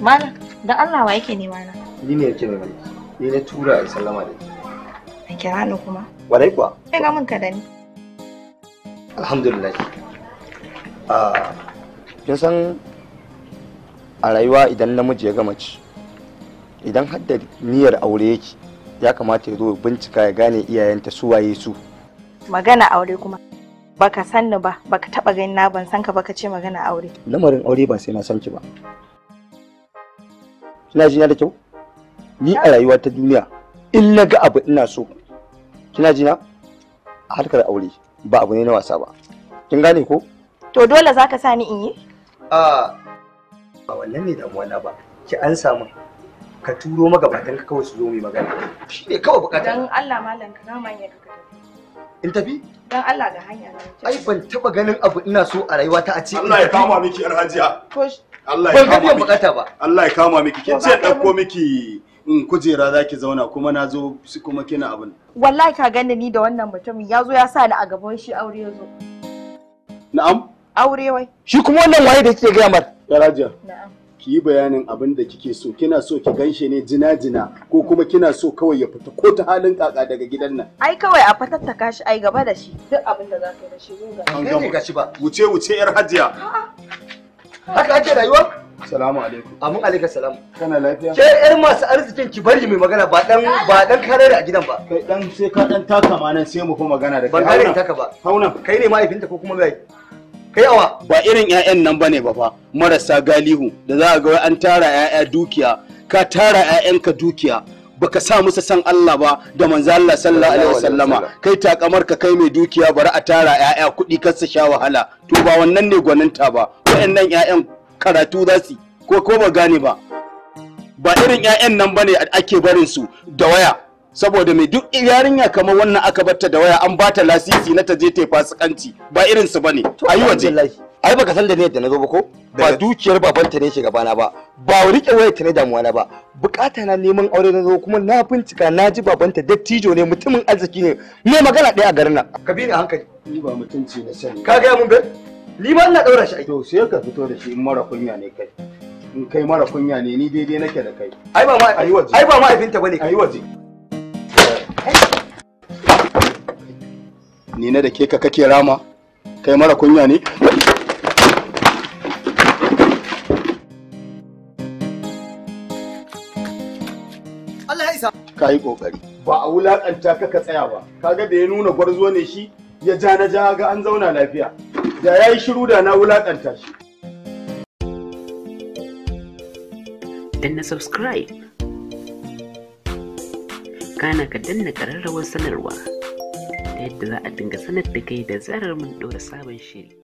Mana da Allah wa yake nema na? Ni ne yake nema ni. ne tura a sallama da ke. An kira ni kuma? Walai kuwa. Kai ga mun ka da ni. Alhamdulillah. Ah, kin san a rayuwa idan namiji ya gama ci idan har da niyyar aure yake ya kamata ya zo bincika ya gane iyayenta su waye su. Magana aure kuma. Baka sanni ba, baka taba gani na ban san ka baka ce magana aure. Lamarin aure ba sai na san ki ba. kina jina da kyau ni a rayuwa ta duniya in na ga abu ina so kina jina a harkar aure ba abu ne na wasa ba kin gane ko to dole zaka sa ni in yi a ba wannan ne damuwa na ba ki an samu ka turo magabatan ka kawai su zo mu magana shi ne kawai bukata dan Allah malam ka gama ka in tafi dan Allah ga hanya ai ban taba ganin abu ina so a rayuwata a ce Allah ya kama miki yar hajiya to Allah ya kama ba Allah ya kama miki kin ce dauko miki in mm, kujera zaki zauna kuma na zo kuma kina abin wallahi ka gani ni da wannan mutumin ya zo ya sa ni a gaban shi aure zo na'am aure wai shi kuma wannan waye da kike ga mar daraja na'am ki yi bayanin abin da kike so kina so ki ganshe ne jina jina ko kuma kina so kawai ya fita ko ta halin kaka daga gidan nan ai kawai a fatattaka shi ai gaba da shi duk abin da za ka yi da shi zo ga shi ba wuce wuce yar hajiya haka ake rayuwa Salamu alaikum. Amin alaika salam. Kana lafiya? Ke ƴar masu arzikin ki bari mai magana ba dan ba dan karere a gidan ba. Kai dan sai ka dan taka ma nan sai mu fa magana da kai. Ban kare taka ba. Hauna. Kai ne mahaifinta ko kuma mai? Kai awa. Ba irin ƴaƴan nan bane ba fa marasa galihu da za a ga an tara ƴaƴa dukiya ka tara ƴaƴanka dukiya baka sa musu san Allah ba da manzo Allah sallallahu alaihi wasallama kai takamar ka kai mai dukiya bari a tara ƴaƴa kuɗi kar su sha wahala to ba wannan ne gwaninta ba nan 'ya'yan karatu za su ko ko ba gane ba ba irin 'ya'yan nan ba ne ake barin su da waya saboda mai duk yarinya kamar wannan aka batta da waya an bata lasisi na ta je ta fasikanci ba irin su bane yi waje ai baka san da ne yadda na zo ba ko ba dukiyar babanta ne shiga na ba ba rike waya ta ne damuwa na ba bukata na neman aure na zo kuma na bincika na ji babanta dattijo ne mutumin arziki ne me magana ɗaya a garin nan ka bi ni hankali ni ba mutunci na sani ka ga mun ba Liman na ɗaura shi ai. To sai ka fito da shi in mara kunya ne kai. In kai mara kunya ne ni daidai nake da kai. Ai ba ma ai waje. Ai ba ma aifinta bane. Ai waje. Ni na da ke ka kake rama. Kai mara kunya ne. Allah ya isa. Ka yi kokari. Ba a wulaƙanta ka ka tsaya ba. Kaga da ya nuna gwarzo ne shi ya ja na ja ga an zauna lafiya. da ya yi shiru da na wulaƙanta shi. Danna subscribe. Kana ka danna ƙararrawar sanarwa ta yadda za a dinga sanar da kai da zarar mun ɗora sabon shiri.